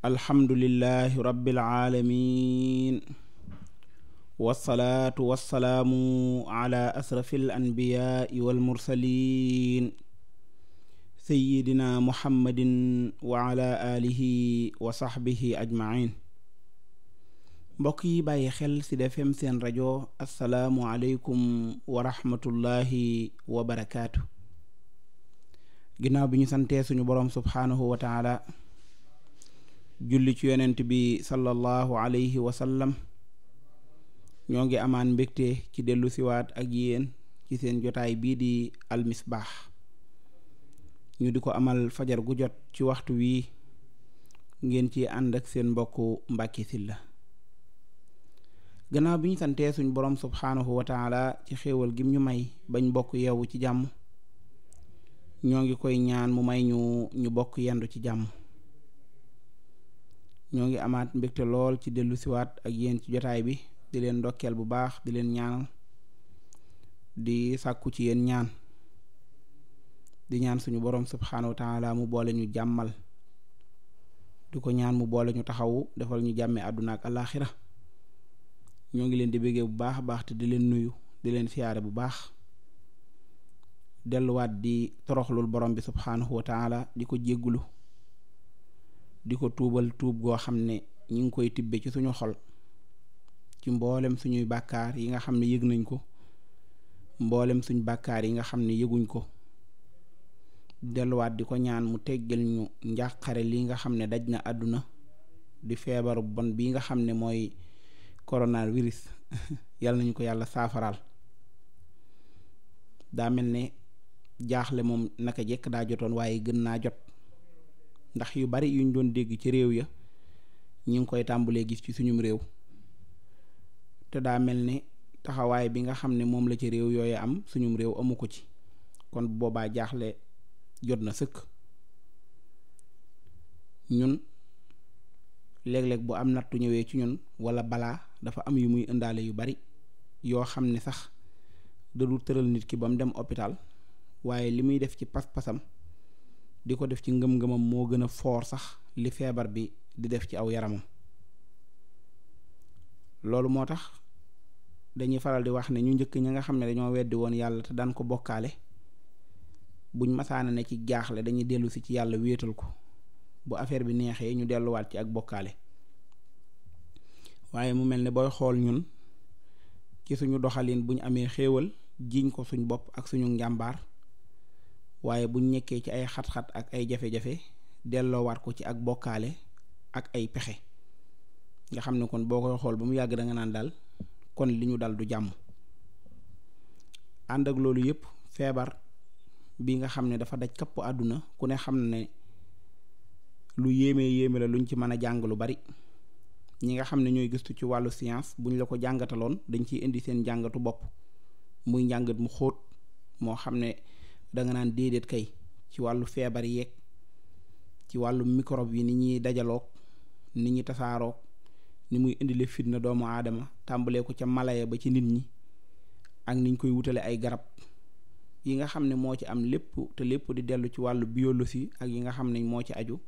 alhamdulillahi rabbil aalamiin wassalaatu wassalaamu ala asrafil anbiyaai wal mursaliin sayyidina wa ala wa saxbihi ajmain mbokk yi bàyyi xel ci Sud FM seen rajo assalaamu aleykum wa rahmatullahi wa barakaatu ginnaaw bi ñu santee suñu borom subhaanahu wa taala julli ci yonent bi sallallahu alayhi wa sallam ñoo ngi amaan mbégte ci dellu siwaat ak yéen ci seen jotaay bii di almisbaax ñu di ko amal fajar gu jot ci waxtu wii ngeen ci ànd ak seen mbokk Mbàkke Sylla gannaaw bi ñu santee suñ borom subhaanahu wa taala ci xéewal gim ñu may bañ bokk yeewu ci jàmm ñoo ngi koy ñaan mu may ñu ñu bokk yendu ci jàmm ñoo ngi amaat mbégte lool ci dellusiwaat ak yéen ci jotaay bi di leen ndokkeel bu baax di leen ñaanal di sàkku ci yéen ñaan di ñaan suñu borom subxanahu wa taala mu boole ñu jàmmal di ko ñaan mu boole ñu taxawu defal ñu jàmmee àdduna ak alaaxira ñoo ngi leen di béggee bu baax a baax te di leen nuyu di leen siyaare bu baax delluwaat di toroxlul borom bi subxanahu wa taala di ko jéggulu di ko tuubal tuub goo xam ne ñi ngi koy tibbe ci suñu xol ci mboolem suñuy bàkkaar yi nga xam ne yëg nañ ko mboolem suñu bàkkaar yi nga xam ne yëguñ ko delluwaat di ko ñaan mu teggal ñu njàqare li nga xam ne daj na àdduna di feebaru bon bi nga xam ne mooy coronavirus yal nañu ko yàlla saafaraal daa mel ne jaaxle moom naka jekk daa jotoon waaye gën naa jot ndax yu bari yuñ doon dégg ci réew ya ñu ngi koy tàmbalee gis ci suñum réew te daa mel ni taxawaay bi nga xam ne moom la ci réew yooyu am suñum réew amu ko ci kon boobaa jaaxle jot na sëkk ñun léeg-léeg bu am nattu ñëwee ci ñun wala balaa dafa am yu muy indaale yu bari yoo xam ne sax da dul tëral nit ki ba mu dem hôpital waaye li muy def ci pas-pasam di ko def ci ngëm-ngëmam moo gën a foor sax li feebar bi di def ci aw yaramam loolu moo tax dañuy faral di wax ne ñu njëkk ñi nga xam ne dañoo weddi woon yàlla te daan ko bokkaale buñ masaana ne ci jaaxle dañuy dellusi ci yàlla wéetal ko bu affaire bi neexee ñu delluwaat ci ak bokkaale waaye mu mel ni booy xool ñun ci suñu doxalin buñ amee xéewal jiiñ ko suñu bopp ak suñu njàmbaar waaye buñ nekkee ci ay xat-xat ak ay jafe-jafe delloowaat ko ci ak bokkaale ak ay pexe nga xam ne kon boo koy xool ba mu yàgg danga naan daal kon li ñu dal du jàmm ànd ak loolu yëpp feebar bi nga xam ne dafa daj kapp àdduna ku ne xam ne lu yéeme yéeme la luñ ci mën a jàng lu bari ñi nga xam ne ñooy gëstu ci wàllu science buñ la ko jàngataloon dañ ciy indi seen jàngatu bopp muy njàngat mu xóot moo xam ne danga naan déedéet kay ci wàllu feebar yeeg ci wàllu microbe yi ni ñuy dajaloog ni ñuy tasaaroog ni muy indile fitna doomu aadama tàmbalee ko ca malaya ba ci nit ñi ak niñ koy wutale ay garab yi nga xam ne moo ci am lépp te lépp di dellu ci wàllu biologie ak yi nga xam ne moo ci aju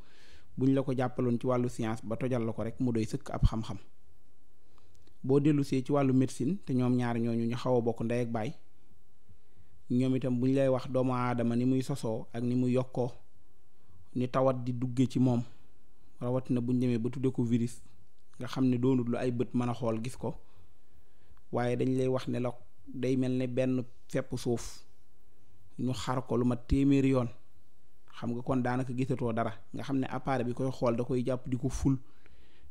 buñ la ko jàppaloon ci wàllu science ba tojal la ko rek mu doy sëkk ab xam-xam boo dellusee ci wàllu médecine te ñoom ñaar ñooñu ñu xaw a bokk ndey ak baay ñoom itam bu ñu lay wax doomu aadama ni muy sosoo ak ni mu yokkoo ni tawat di dugge ci moom rawatina bu ñu demee ba tudde ko viris nga xam ne doonut lu ay bët mën a xool gis ko waaye dañ lay wax ne la day mel ne benn fepp suuf ñu xar ko lu ma téeméeri yoon xam nga kon daanaka gisatoo dara nga xam ne appareil bi koy xool da koy jàpp di ko ful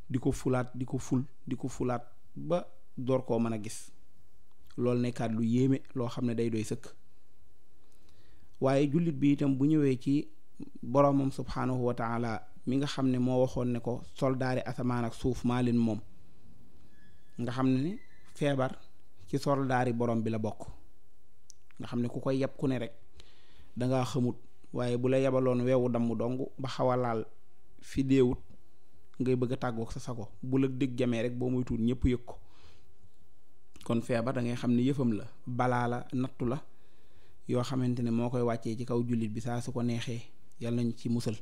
di ko fulaat di ko ful di ko fulaat ba door koo mën a gis loolu nekkaat lu yéeme loo xam ne day dooy sëkk waaye jullit bi itam bu ñëwee ci boroomam subhaanahu wa taala mi nga xam ne moo waxoon ne ko soldaari asamaan ak suuf maa leen moom nga xam ne feebar ci soldaari borom bi la bokk nga xam ne ku ko yeb ku ne rek danga xamut waaye bu la yebaloon weewu damm dong ba xaw a laal fi déewut ngay bëgga a sa sa ko bu la dégg jamee rek boo muy tuut ñëpp yëg ko kon feebar dangay xam ne yëfam la balaa la nattu la yoo xamante ne moo koy wàccee ci kaw jullit bi saa su ko neexee yàlla nañ ci musal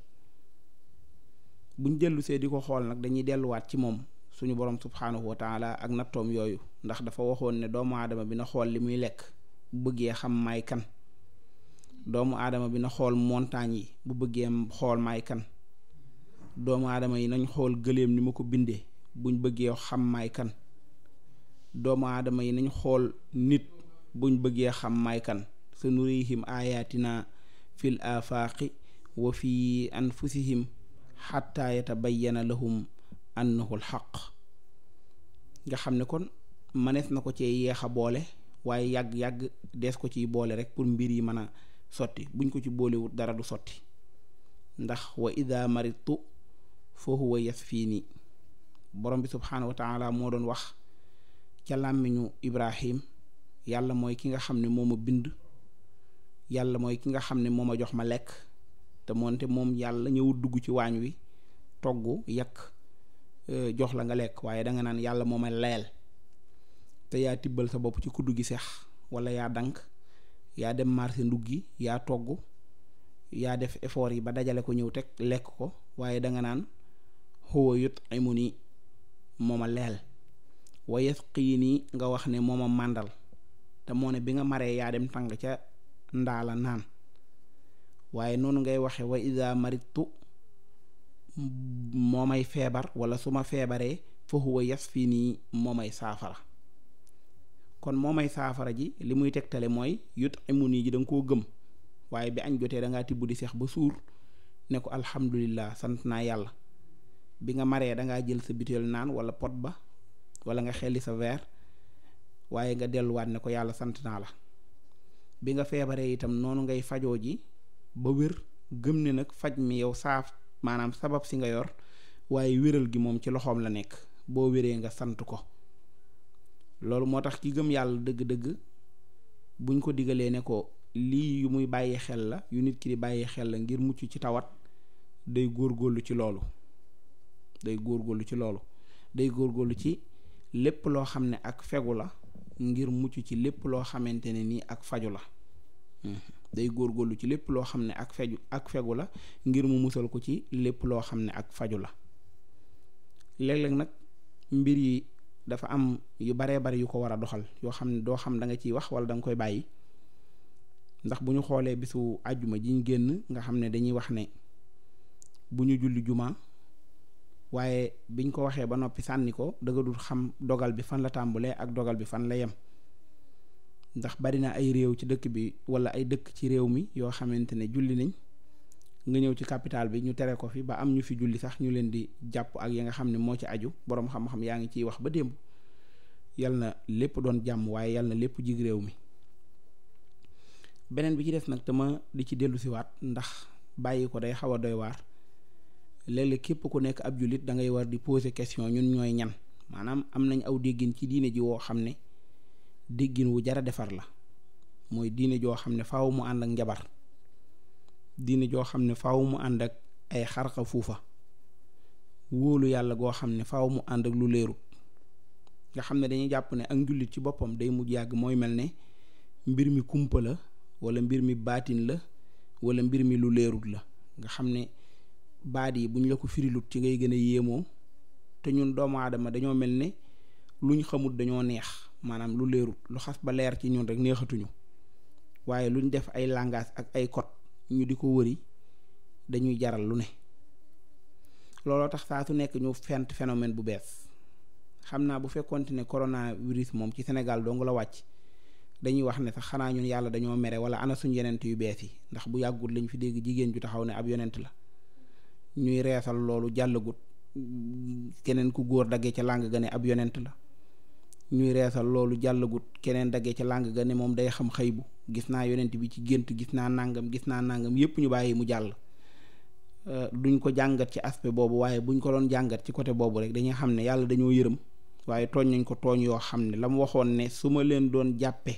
buñ dellusee di ko xool nag dañuy delluwaat ci moom suñu borom subhaanahu wa ak nattoom yooyu ndax dafa waxoon ne doomu aadama bi na xool li muy lekk bëggee xam doomu aadama bi na xool montagne yi bu bëggee xool may doomu aadama yi nañ xool gëléem ni ma ko bindee buñ bëggee xam may kan doomu aadama yi nañu xool nit buñ bëggee xam may kan sanurihim ayatina fil afaaqi wa fi anfusihim xatta yatabayyana na annahu xaq nga xam ne kon manees na ko cee yeex a boole waaye yàgg-yàgg dees ko ciy boole rek pour mbir yi mën a sotti buñ ko ci boolewut dara du sotti ndax wa ida maritu fa huwa yasfiini borom bi subhaanahu wa moo doon wax ca làmmiñu ibrahim yàlla mooy ki nga xam ne moo ma bind yàlla mooy ki nga xam ne moom ma jox ma lekk te moonte moom yàlla ñëw dugg ci waañ wi togg yàq euh, jox la nga lekk waaye danga naan yàlla moo ma leel te yaa tibbal sa bopp ci kuddu gi seex wala yaa dank yaa dem marché ndugg gi yaa togg yaa def effort yi ba dajale ko ñëw teg lekk ko waaye danga naan huwa yut'imuni moo leel wa nga wax ne moo ma màndal te moo ne bi nga maree yaa dem tàng ca ndaa la naan waaye noonu ngay waxe wa ida maritu moo may feebar wala su ma feebaree fa yas fii nii moo may saafara kon moo may saafara ji li muy tegtale mooy yut imu nii ji da koo gëm waaye bi añ jotee da ngaa tibb di seex ba suur ne ko alhamdulillah sant naa yàlla bi nga maree dangaa jël sa butéel naan wala pot ba wala nga xelli sa weer waaye nga delluwaat ne ko yàlla sant naa la bi nga feebaree itam noonu ngay fajoo ji ba wér gëm ni nag faj mi yow saaf maanaam sabab si nga yor waaye wéral gi moom ci loxoom la nekk boo wéree nga sant ko loolu moo tax ki gëm yàlla dëgg-dëgg buñ ko digalee ne ko lii yu muy bàyyi xel la yu nit ki di bàyyi xel la ngir mucc ci tawat day góor góorlu ci loolu day góorgóorlu ci loolu day góorgóorlu ci lépp loo xam ne ak fegu la ngir mucc ci lépp loo xamante ne nii ak faju la hmm. day góor góorlu ci lépp loo xam ne ak feju ak fegu la ngir mu musal ko ci lépp loo xam ne ak faju la léeg-léeg nag mbir yi dafa am yu baree bari yu ko war a doxal yoo xam ne doo xam da nga ciy wax wala danga koy bàyyi ndax bu ñu xoolee bisu àjjuma jiñ génn nga xam ne dañuy wax ne bu ñu julli jumaa waaye biñ ko waxee ba noppi sànni ko dëgg dul xam dogal bi fan la tàmbulee ak dogal bi fan la yem ndax bari na ay réew ci dëkk bi wala ay dëkk ci réew mi yoo xamante ne julli nañ nga ñëw ci capital bi ñu tere ko fi ba am ñu fi julli sax ñu leen di jàpp ak ya nga xam ne moo ci aju boroom xam-xam yaa ngi ciy wax ba démb yal na lépp doon jàmm waaye yal na lépp jig réew mi beneen bi ci des nag te ma di ci dellusiwaat ndax bàyyi ko day xaw a doy waar léeg képp ku nekk ab jullit da ngay war di poser question ñun ñooy ñan maanaam am nañ aw déggin ci diine ji woo xam ne déggin wu jara defar la mooy diine joo xam ne faaw mu ànd ak njabar diine joo xam ne faaw mu ànd ak ay xarxa wóolu yàlla goo xam ne faaw mu ànd ak lu leerut nga xam ne dañuy jàpp ne ak njullit ci boppam day mujj yàgg mooy mel ne mbir mi kumpa la wala mbir mi baatin la wala mbir mi lu leerut la nga xam ne baat yi bu ñu la ko firilut ci ngay gën a yéemoo te ñun doomu aadama dañoo mel ne luñ xamut dañoo neex maanaam lu leerut lu xas ba leer ci ñun rek neexatuñu waaye luñ def ay langage ak ay kot ñu di ko wëri dañuy jaral lu ne looloo tax saa su nekk ñu fent phénomène bu bees xam naa bu fekkoonte ne coronavirus moom ci Sénégal dong la wàcc dañuy wax ne sax xanaa ñun yàlla dañoo mere wala ana suñ yonent yu bees yi ndax bu yàggul lañ fi dégg jigéen ju taxaw ne ab yonent la ñuy reesal loolu jàllagut keneen ku góor dagge ca làng ga ne ab yonent la ñuy reesal loolu jàllagut keneen daggee ca làng ga ne moom day xam xaybu gis naa yonent bi ci gént gis naa nàngam gis naa nàngam yépp ñu bàyyi mu jàll euh, duñ ko jàngat ci aspect boobu waaye buñ ko doon jàngat ci côté boobu rek dañuy xam ne yàlla dañoo yërëm waaye tooñ nañ ko tooñ yoo xam ne la mu waxoon ne su ma leen doon jàppe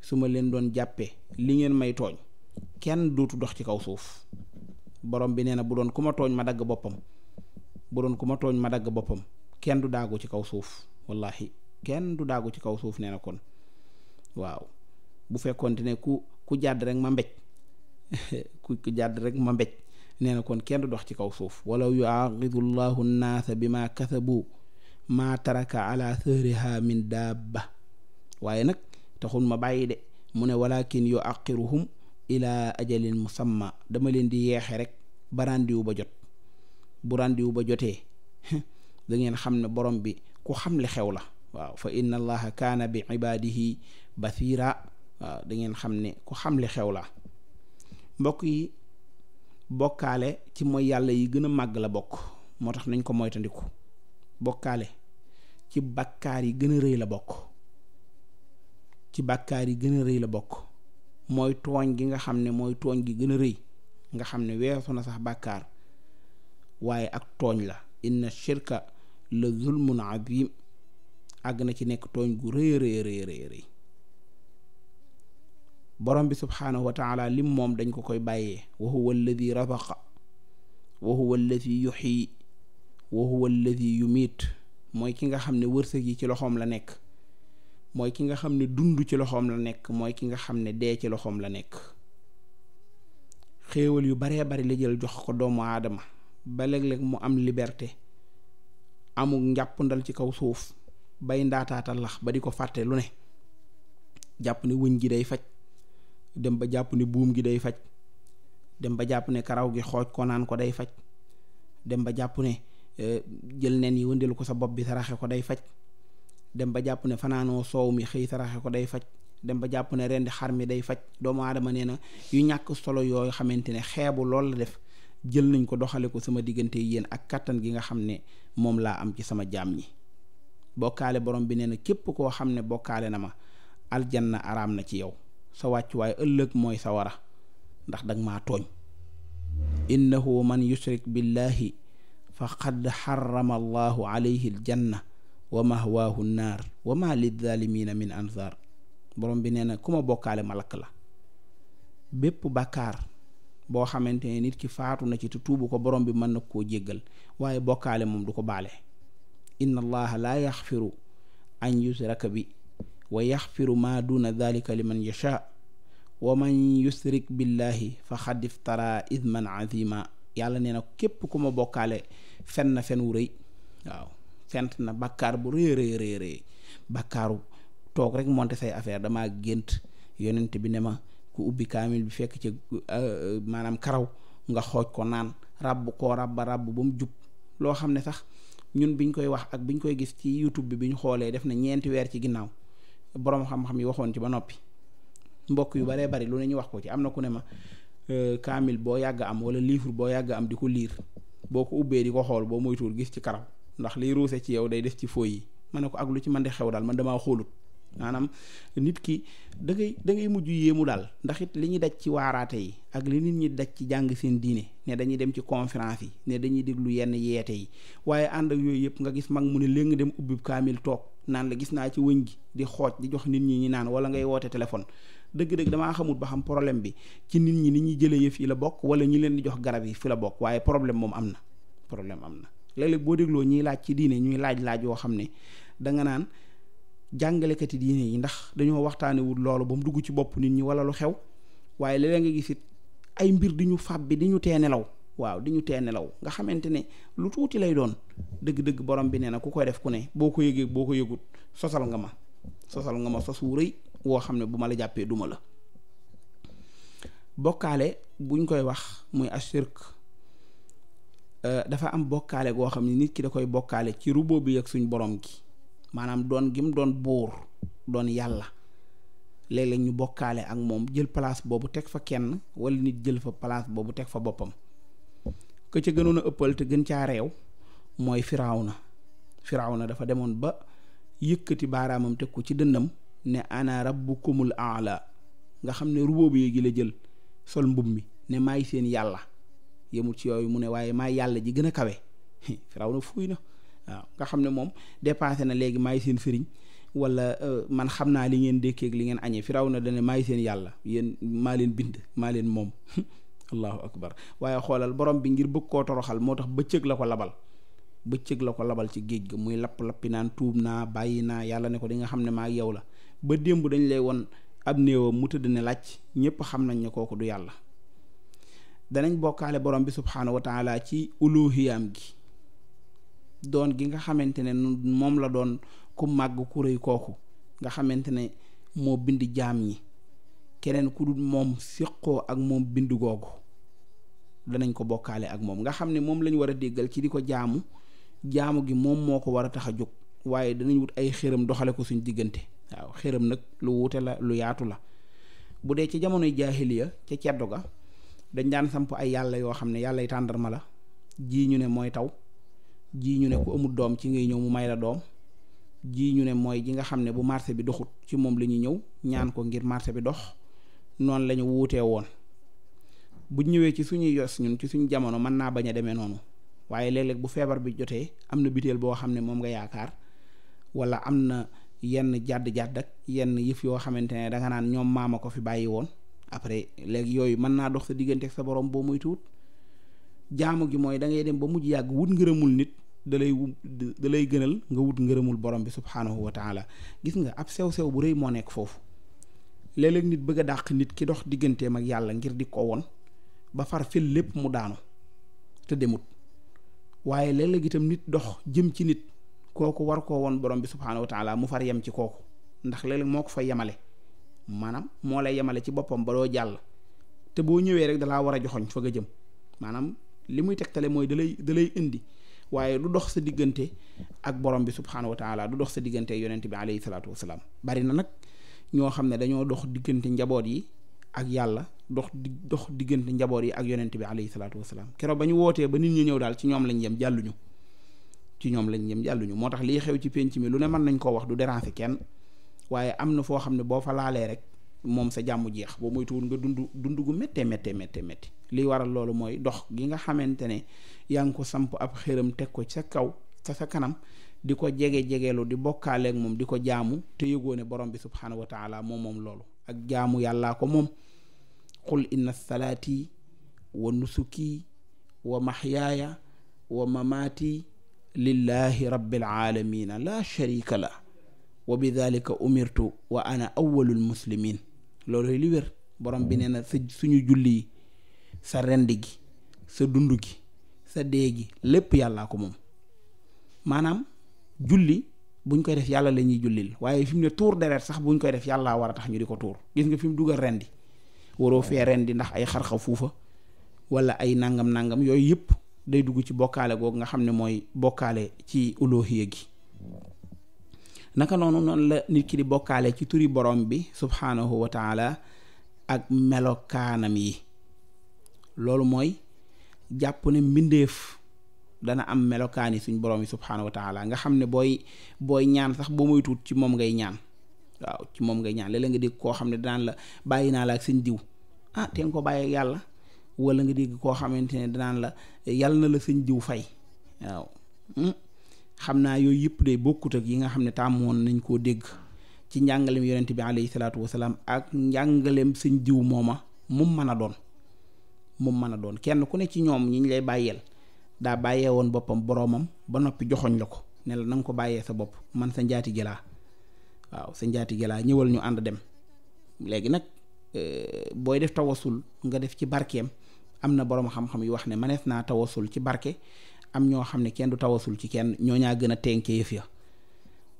su ma leen doon jàppee li ngeen may tooñ kenn dootu dox ci kaw suuf borom bi nee na bu doon ku ma tooñ ma dagg boppam bu doon ku ma tooñ ma dagg boppam kenn du daagu ci kaw suuf wallahi kenn du daagu ci kaw suuf nee na kon waaw bu fekkoonte ne ku ku jàdd rek ma mbéj ku rek ma mbéj nee na kon kenn du dox ci kaw suuf walaw yuaqidu llahu nnaasa bi ma kasabu maa taraka ala waaye nag taxul ma bàyyi de mu ne walakin yuaqiruhum ilaa ajalin musamma dama leen di yeexe rek ba ba jot bu ràndiwu ba jotee dangeen xam ne borom bi ku xam li xew la waaw fa inna allaha kaana bi ibaadihi basiira waaw da ngeen xam ne ku xam li xew la mbokk yi bokkaale ci mooy yàlla yi gën a màgg la bokk moo tax nañ ko moytandiku bokkaale ci bàkkaar yi gën a rëy la bokk ci bàkkaar yi gën a rëy la bokk mooy tooñ gi nga xam ne mooy tooñ gi gën a rëy nga xam ne weesu na sax bàkkaar waaye ak tooñ la inna shirka la zulmun azim àgg na ci nekk tooñ gu rëy rëy rëy rëy borom bi subhaanahu wa taala lim moom dañ ko koy bàyyee wa huwa alladi razaqa wa huwa alladi yuxyi wa huwa alladi yumiit mooy ki nga xam ne wërsëg yi ci loxoom la nekk mooy ki nga xam ne dund ci loxoom la nekk mooy ki nga xam ne dee ci loxoom la nekk xéewal yu baree bari la jël jox ko doomu aadama ba léeg-léeg mu am liberté amul njàpp ndal ci kaw suuf bay ndaataatal lax ba di ko fàtte lu ne jàpp ne wëñ gi day faj dem ba jàpp ne buum gi day faj dem ba jàpp ne karaw gi xooj ko naan ko day faj dem ba jàpp ne eh, jël nen yi wëndeel ko sa bopp bi saraxe ko day faj dem ba jàpp ne fanaanoo soow mi xëy saraxe ko day faj dem ba jàpp ne rendi xar mi day faj doomu adama nee na yu ñàkk solo yooyu xamante ne xeebu lool la def jël nañ ko doxale ko sama diggante yéen ak kàttan gi nga xam ne moom laa am ci sama jaam ñi bokkaale borom bi nee na képp koo xam ne bokkaale na ma aljanna araam na ci yow sa wàcc wàccuwaay ëllëg mooy sa wara ndax dag maa tooñ innahu man yushrik billahi faqad xarama allahu alayhi aljanna wa mahwaahu naar wa ma lilzalimina min ansar borom bi nee na ku ma bokkaale ma lakk la bépp bàkkaar boo xamante ne nit ki faatu na ci te tuubu ko borom bi mën na koo jéggal waaye bokkaale moom du ko baale inna allaha laa yaxfiru an yusraka bi wa yaxfiru ma duna dalika liman yasha wa man yusrik billahi fa xad iftara idman azima yàlla nee na képp ku ma bokkaale fenna na fen wu fent na bàkkaar bu rëy rëy rëy rëy toog rek monte say affaire damaa gént yonent bi ne ma ku ubbi kaamil bi fekk ci euh, maanaam karaw nga xooj ko naan ràbb koo ràbba ràbb ba mu jub loo xam ne sax ñun biñ koy wax ak biñ koy gis ci YouTube bi bi ñu xoolee def na ñeenti weer ci ginnaaw boroom xam-xam yi waxoon ci ba noppi mbokk yu baree bari lu ne ñu wax ko ci am na ku ne ma euh, kaamil boo yàgg am wala livre boo yàgg am di ko liir boo ko ubbee di ko xool boo moytuwul gis ci karaw ndax liy ruuse ci yow day def ci fooy yi ma ne ko ak lu ci man di xew daal man damaa xoolut maanaam nit ki dangay ngay da ngay mujj yéemu daal ndax it li ñuy daj ci waaraate yi ak li nit ñi daj ci jàng seen diine ne dañuy dem ci conférence yi ne dañuy déglu yenn yeete yi waaye ànd ak yooyu yëpp nga gis mag mu ne léegi dem ubbi kaamil toog naan la gis naa ci wëñ gi di xooj di jox nit ñi ñi naan wala ngay woote téléphone dëgg-dëgg damaa xamul ba xam problème bi ci nit ñi ni ñuy jëlee yëf yi la bokk wala ñi leen di jox garab yi fi la bokk waaye problème moom am na problème am na. léeg-léeg boo dégloo ñiy laaj ci diine ñuy laaj-laaj yoo xam ne danga naan jàngalekati diine yi ndax dañoo waxtaanewul loolu ba mu dugg ci bopp nit ñi wala lu xew waaye léeg nga gis it ay mbir di ñu fab bi di ñu tee nelaw waaw di ñu tee nelaw nga xamante ne lu tuuti lay doon dëgg-dëgg borom bi nee na ku koy def ku ne boo ko yëgee boo ko yëgut sosal nga ma sosal nga ma sos wu rëy woo xam ne bu ma la jàppee duma la bokkaale buñ koy wax muy ashirk Euh, dafa am bokkaale goo xam ne nit ki da koy bokkaale ci rubo bi ak suñ borom gi maanaam doon gim doon buur doon yàlla léeg-léeg ñu bokkaale ak moom jël place boobu teg fa kenn wala nit jël fa place boobu teg fa boppam ke ca gënoon a ëppal te gën caa réew mooy na Firawna na dafa demoon ba yëkkati baaraamam teg ko ci dëndam ne ana rabbukumul aala nga xam ne rubo bi gi la jël sol mbubb mi ne maay seen yàlla yemul ci yooyu mu ne waaye maay yàlla ji gën a kawe firaw na fuuy na waaw nga xam ne moom dépassé na léegi maay seen sëriñ wala euh, man xam naa li ngeen dékkee ak li ngeen añee firaw na dane maay seen yàlla yéen maa leen bind maa leen moom allahu akbar waaye xoolal borom bi ngir bëgg koo toroxal moo tax bëccëg la ko labal bëccëg la ko labal ci géej gi muy lapp-lappi naan tuub naa bàyyi naa yàlla ne ko di nga xam ne maa yow la ba démb dañu lay won ab néewam mu tëdd ne laaj ñépp xam nañ ne kooku du yàlla danañ bokkaale borom bi subxanahu wa taala ci uluhiyaam gi doon gi nga xamante ne moom la doon ku màgg ku rëy kooku nga xamante ne moo bind jaam ñi keneen ku dul moom siqoo ak moom bind googu danañ ko bokkaale ak moom nga xam ne moom lañu war a déggal ci di ko jaamu jaamu gi moom moo ko war a tax a jóg waaye danañu wut ay xërëm doxale ko suñu diggante waaw xërëm nag lu wuute la lu yaatu la bu dee ci jamonoy jaahiliya ca ceddo ga dañ daan samp ay yàlla yoo xam ne yàlla yi tàndarma la jii ñu ne mooy taw jii ñu ne ko amul doom ci ngay ñëw mu may la doom jii ñu ne mooy ji nga xam ne bu marché bi doxut ci moom la ñuy ñëw ñaan ko ngir marché bi dox noonu lañu ñu woon bu ñëwee ci suñu yos ñun ci suñu jamono mën naa bañ a demee noonu waaye léeg-léeg bu feebar bi jotee am na biteel boo xam ne moom nga yaakaar wala am na yenn jàdd jàdd ak yenn yëf yoo xamante ne danga naan ñoom maama ko fi bàyyi woon après léegi yooyu mën naa dox sa diggante sa borom boo moytuwut jaamu gi mooy da ngay dem ba mujj yàgg wut ngërëmul nit dalay lay da lay gënal nga wut ngërëmul borom bi subhaanahu wa taala gis nga ab sew-sew bu rëy moo nekk foofu léeg-léeg nit bëgg a dàq nit ki dox digganteem ak yàlla ngir di ko woon ba far lépp mu daanu te demut waaye léeg-léeg nit dox jëm ci nit kooku war koo woon borom bi subhaanahu wa taala mu far yem ci kooku ndax léeg moo ko fa yemale maanaam moo lay yemale ci boppam ba doo jàll te boo ñëwee rek dalaa war a joxoñ fa nga jëm maanaam li muy tegtale mooy dalay dalay indi waaye du dox sa diggante ak borom bi subxanahu wa taala du dox sa diggante yonent bi alayhi salaatu wasalaam bari na nag ñoo xam ne dañoo dox diggante njaboot yi ak yàlla dox di dox diggante njaboot yi ak yonent bi alayhi salaatu wasalaam keroog ba ñu wootee ba nit ñi ñëw daal ci ñoom lañ yem jàlluñu ci ñoom lañ yem jàlluñu moo tax lii xew ci penc mi lu ne mën nañ koo wax du déranger kenn. waaye am na foo xam ne boo fa laalee rek moom sa jàmm jeex boo moytuwul nga dund dund gu méttee méttee méttee métti lii waral loolu mooy dox gi nga xamante ne yaa ngi ko samp ab xëram teg ko ca kaw ca kanam di ko jege jegeelu di bokkaaleeg moom di ko jaamu te yëgoo ne borom bi subhaanahu wa moom moom loolu ak jaamu yàllaa ko moom qul inna salaati wa nusuki wa maxyaaya wa mamaati lillahi rabbil aalamiina laa sharika la wa bi dhalika umirtu wa ana awwalul muslimin loolu li wér borom bi nee na sa suñu julli sa rend gi sa dund gi sa dee gi lépp yàllaa ko moom maanaam julli buñ koy def yàlla la ñuy jullil waaye fi mu ne tuur deret sax bu buñ koy def yàllaa war a tax ñu di ko tuur gis nga fi mu dugal rendi waroo fee rendi ndax ay xarxa fuufa wala ay nangam nangam yooyu yëpp day dugg ci bokkaale googu nga xam ne mooy bokkaale ci uloohiya gi naka noonu noonu la nit ki di bokkaale ci turi borom bi subhaanahu wa taala ak melokaanam yi loolu mooy jàpp ne mbindeef dana am melokaani yi suñ borom yi subhaanahu wa taala nga xam ne booy booy ñaan sax boo moy tuut ci moom ngay ñaan waaw ci moom ngay ñaan léeg nga dégg koo xam ne danaan la bàyyi naa la ak sëñ diw ah te nga ko bàyyi yàlla wala nga dégg koo xamante ne danaan la yàlla na la sëñ diw fay waaw hmm? xam naa yooyu yëpp day bokkut ak yi nga xam ne tàmmoon nañ koo dégg ci njàngalem yonent bi alayhi salaatu wasalaam ak njàngaleem sëñ diw mooma mu mën a doon mu mën a doon kenn ku ne ci ñoom ñi lay bàyyeel daa bàyyee woon boppam boroomam ba noppi joxoñ la ko ne la na nga ko bàyyee sa bopp man sa njaati gelaa waaw sa njaati gelaa ñëwal ñu ànd dem léegi nag euh, booy def tawasul nga def ci barkeem am na boroom xam-xam yu wax ne manees naa tawasul ci barke am ñoo xam ne kenn du tawasul ci kenn ñoo ñaa gën a tenkee yëf ya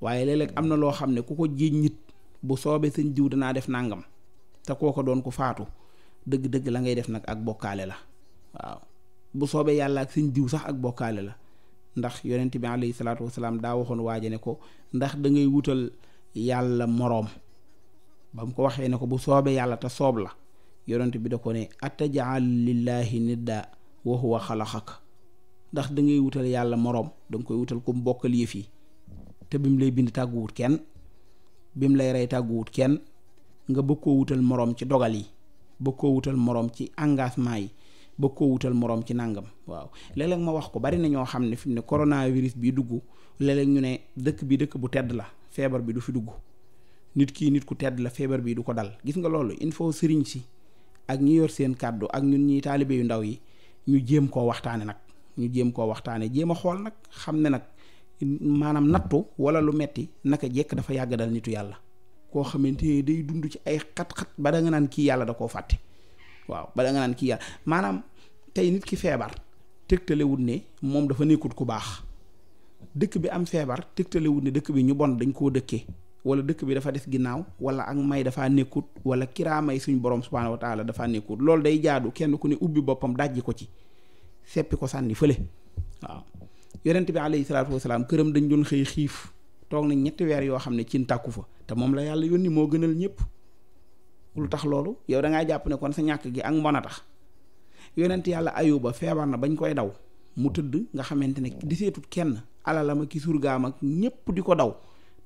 waaye léeg-léeg am na loo xam ne ku ko jiiñ nit bu soobee sëñ diw danaa def nangam te koo ko doon ko faatu dëgg-dëgg la ngay def nag ak bokkaale la waaw bu soobee yàlla ak sëñ diw sax ak bokkaale la ndax yonent bi alayhi salaatu wasalaam daa waxoon waaje ne ko ndax da ngay wutal yàlla moroom ba mu ko waxee ne ko bu soobee yàlla te soob la yonent bi da ko ne atajaal lillaahi nidda wa huwa xalaxak ndax da ngay wutal yàlla moroom da nga koy wutal ku mu bokkal yëf yi te bim lay bind tàgguwut kenn bim lay rey tàgguwut kenn nga bëgg koo wutal moroom ci dogal yi bëgg koo wutal moroom ci engagement yi bëgg koo wutal moroom ci nàngam waaw léeg-léeg ma wax ko bari na ñoo xam ne fi mu ne coronavirus bi dugg léeg ñu ne dëkk bi dëkk bu tedd la feebar bi du fi dugg nit kii nit ku tedd la feebar bii du ko dal gis nga loolu il faut sëriñ si ak ñu yor seen kàddu ak ñun ñiy yu ndaw yi ñu jéem koo waxtaane nag ñu jéem koo waxtaanee jéem a xool nag xam ne nag maanaam nattu wala lu metti naka jekk dafa yàgg dal nitu yàlla koo xamante ne day dund ci ay xat-xat ba da nga naan kii yàlla da koo fàtte waaw ba da nga naan kii yàlla maanaam tey nit ki feebar tegtalewut ne moom dafa nekkut ku baax dëkk bi am feebar tegtalewut ne dëkk bi ñu bon dañ koo dëkkee wala dëkk bi dafa des ginnaaw wala ak may dafaa nekkut wala kiraamay suñu borom subhaanahu wa taala dafaa nekkut loolu day jaadu kenn ku ne ubbi boppam dajji ko ci seppi ko sànni fële waaw yonent bi alayhi salaatu wasalaam këram dañ doon xëy xiif toog nañ ñetti weer yoo xam ne cin tàkku fa te moom la yàlla yónni moo gënal ñëpp lu tax loolu yow da jàpp ne kon sa ñàkk gi ak mbon a tax yonent yàlla ayuba feebar na bañ koy daw mu tëdd nga xamante ne di seetut kenn alalama ki surgaam ak ñëpp di ko daw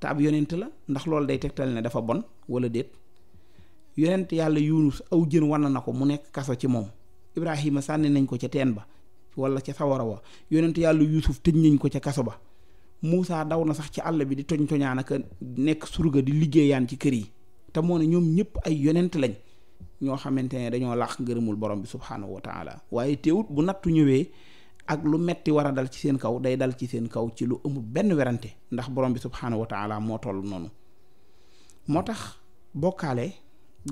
te ab yonent la ndax loolu day tegtal ne dafa bon wala déet yonent yàlla yunus aw jën wan na ko mu nekk kaso ci moom ibrahima sànni nañ ko ca teen ba wala ca sawara wa yonent yàlla yuusuf tëj nañ ko ca kaso ba muusa daw na sax ci àll bi di toñ toñaan ak nekk surga di liggéeyaan ci kër yi te moo ne ñoom ñëpp ay yonent lañ ñoo xamante ne dañoo làq ngërëmul borom bi subhaanahu wa taala waaye teewut bu nattu ñëwee ak lu metti war a dal ci seen kaw day dal ci seen kaw ci lu amul benn werante ndax borom bi subhaanahu wa taala moo toll noonu moo tax bokkaale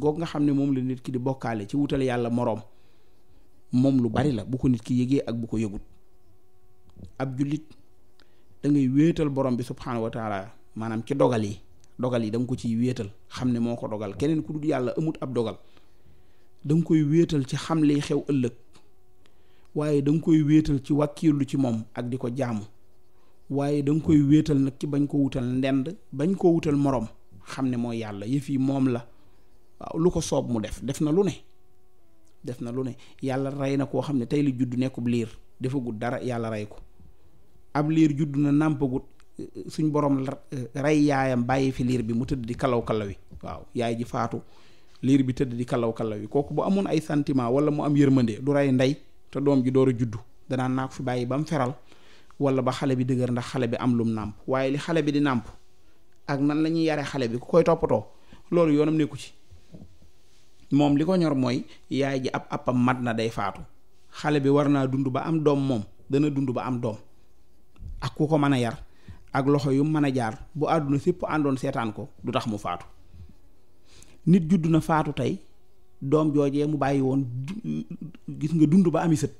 goog nga xam ne moom la nit ki di bokkaale ci wutal yàlla moroom moom lu bari mm. la bu ko nit ki yëgee ak bu ko yëgut ab jullit dangay wéetal borom bi subxanahu wa taala maanaam ci dogal yi dogal yi da ko ciy wéetal xam ne moo ko dogal keneen ku dul yàlla amut ab dogal da koy wéetal ci xam li xew ëllëg waaye da koy wéetal ci wàkkiirlu ci moom ak di ko jaamu waaye da koy wéetal nag ci bañ ko wutal ndend bañ koo wutal morom xam ne mooy yàlla yëf yi moom la lu ko soob mu def def na lu ne. def na lu ne yàlla rey na koo xam ne tey la judd nekkub liir defagut dara yàlla rey ko ab liir juddu na nàmpagut suñ borom eh, rey yaayam bàyyi fi liir bi mu tëdd di kalaw kalaw yi waaw yaay ji faatu liir bi tëdd di kalaw kalaw yi kooku bu amoon ay sentiment wala mu am yërmande du rey ndey te doom ji door a juddu danaa naa ko fi bàyyi ba mu feral wala ba xale bi dëgër ndax xale bi am lum nàmp waaye li xale bi di nàmp ak nan lañuy yare xale bi koy toppatoo loolu yoonam nekku ci moom li ko ñor mooy yaay ji ab appam mat na day faatu xale bi war naa dund ba am doom moom dana dund ba am doom ak ku ko mën a yar ak loxo yu mën a jaar bu àdduna sépp àndoon seetaan ko du tax mu faatu nit judd na faatu tey doom joojee mu bàyyi woon gis nga dund ba ami sët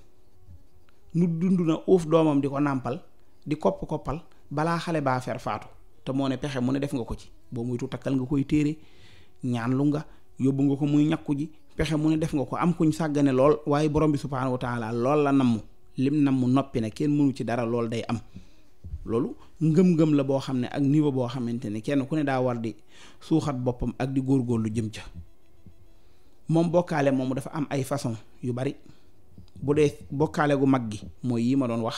nu dund na uuf doomam di ko nàmpal di kopp koppal balaa xale baa fer faatu te moo ne pexe mu ne def nga ko ci boo muytu takkal nga koy téere ñaan lu nga yóbbu nga ko muy ñakku ji pexe mu ne def nga ko am kuñ sàggane lool waaye borom bi subhaanahu wa taala lool la namm lim nammu noppi na kenn mënu ci dara lool day am loolu ngëm-ngëm la boo xam ne ak niveau boo xamante ne kenn ku ne daa war di suuxat boppam ak di góor góorgóorlu jëm ca moom bokkaale moomu dafa am ay façons yu bari bu dee bokkaale gu mag gi mooy yi ma doon wax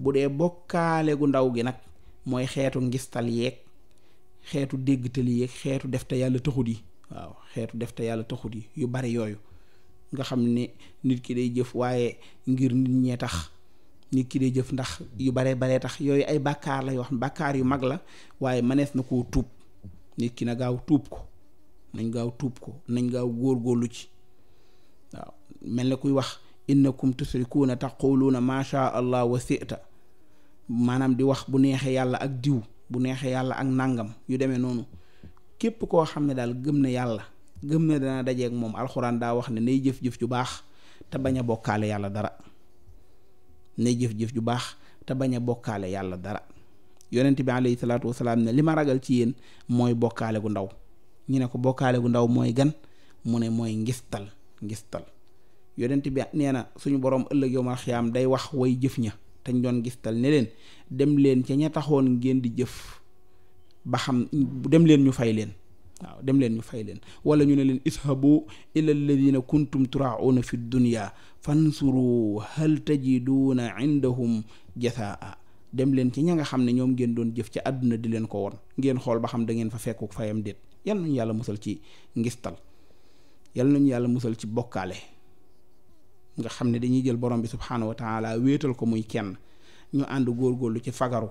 bu dee bokkaale gu ndaw gi nag mooy xeetu ngistal yeeg xeetu déggtal yeeg xeetu def te yàlla taxut waaw xeetu def te yàlla taxut yi yu bari yooyu nga xam ni nit ki day jëf waaye ngir nit ñee tax nit ki day jëf ndax yu baree baree tax yooyu ay bàkkaar la yoo xam bàkkaar yu mag la waaye mënees na koo tuub nit ki na gaaw tuub ko nañ gaaw tuub ko nañ gaaw góor góorlu ci waaw mel ni kuy wax innakum tusrikuuna taquluuna ma sha allah wa sita maanaam di wax bu neexee yàlla ak diw bu neexee yàlla ak nàngam yu demee noonu képp koo xam ne daal gëm na yàlla gëm na dana dajeeg moom alxuraan daa wax ne nay jëf-jëf ju baax te bañ a bokkaale yàlla dara nay jëf-jëf ju baax te bañ a bokkaale yàlla dara yonent bi alayhi salaatu wasalaam ne li ma ragal ci yéen mooy bokkaale gu ndaw ñu ne ko bokkaale gu ndaw mooy gan mu ne mooy ngistal ngistal yonent bi nee na suñu borom ëllëg yowmal xiyaam day wax way jëf ña te ñu doon gistal ne leen dem leen ca ña taxoon ngeen di jëf ba xam dem leen ñu fay leen waaw dem leen ñu fay leen wala ñu ne leen ishabu ila alladina kuntum turauna fi dunya fansuru hal tajiduna indahum jazaa dem leen ci ña nga xam ne ñoom ngeen doon jëf ci àdduna di leen ko won ngeen xool ba xam da ngeen fa fekku fayam déet yal nañu yàlla musal ci ngistal yal nañu yàlla musal ci bokkaale nga xam ne dañuy jël borom bi subhaanahu wa wéetal ko muy kenn ñu ànd góor góor lu ci fagaru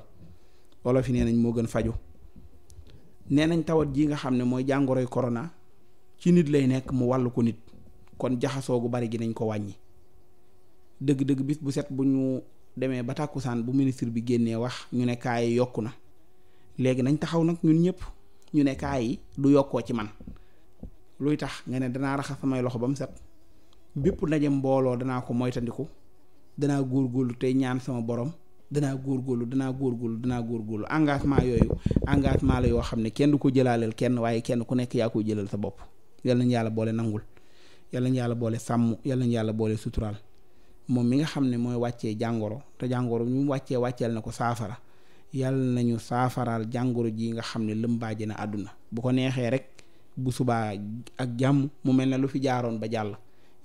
wolof yi nee nañ moo gën faju nee nañ tawat ji nga xam ne mooy jàngoroy korona ci nit lay nekk mu wàllu ko nit kon jaxasoo gu bari gi nañ ko wàññi dëgg-dëgg bis bu set bu ñu demee ba tàkkusaan bu ministre bi génnee wax ñu ne kaay yi yokk na léegi nañ taxaw nag ñun ñëpp ñu ne kaay yi du yokkoo ci man luy tax nga ne danaa raxas samay loxo ba mu set bépp ndaje mbooloo danaa ko moytandiku danaa góor góorlu tey ñaan sama borom danaa góorgóorlu danaa góorgóorlu danaa góorgóorlu engagement yooyu engagement la yoo xam ne kenn du ko jëlaaleel kenn waaye kenn ku nekk yaa koy jëlal sa bopp yal nañu yàlla boole nangul yal nañu yàlla boole sàmm yal nañu yàlla boole suturaal moom mi nga xam ne mooy wàccee jàngoro te jàngoro ñu wàccee wàcceel na ko saafara yal nañu saafaraal jàngoro ji nga xam ne lëmbaaje na àdduna bu ko neexee rek bu subaa ak jàmm mu mel ne lu fi jaaroon ba jàll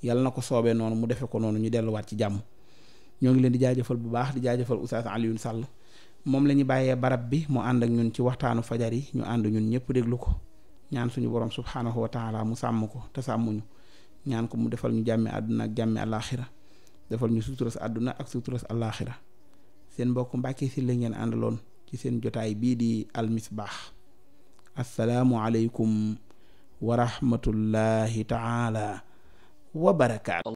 yal na ko soobee noonu mu defe ko noonu ñu delluwaat ci jàmm ñoo ngi leen di jëfal bu baax di jaajëfal Oustaz Alioune Sall moom la ñu bàyyee barab bi mu ànd ak ñun ci waxtaanu fajar yi ñu ànd ñun ñëpp déglu ko ñaan suñu borom subhaanahu wa taala mu sàmm ko te sàmmuñu ñaan ko mu defal ñu jàmmi àdduna ak jàmmi àllaaxira defal ñu suturas àdduna ak suturas àllaaxira seen mbokk Mbàkke Sylla ngeen àndaloon ci seen jotaay bii di Al baax assalaamu aleykum wa rahmatullahi taala wa barakaatu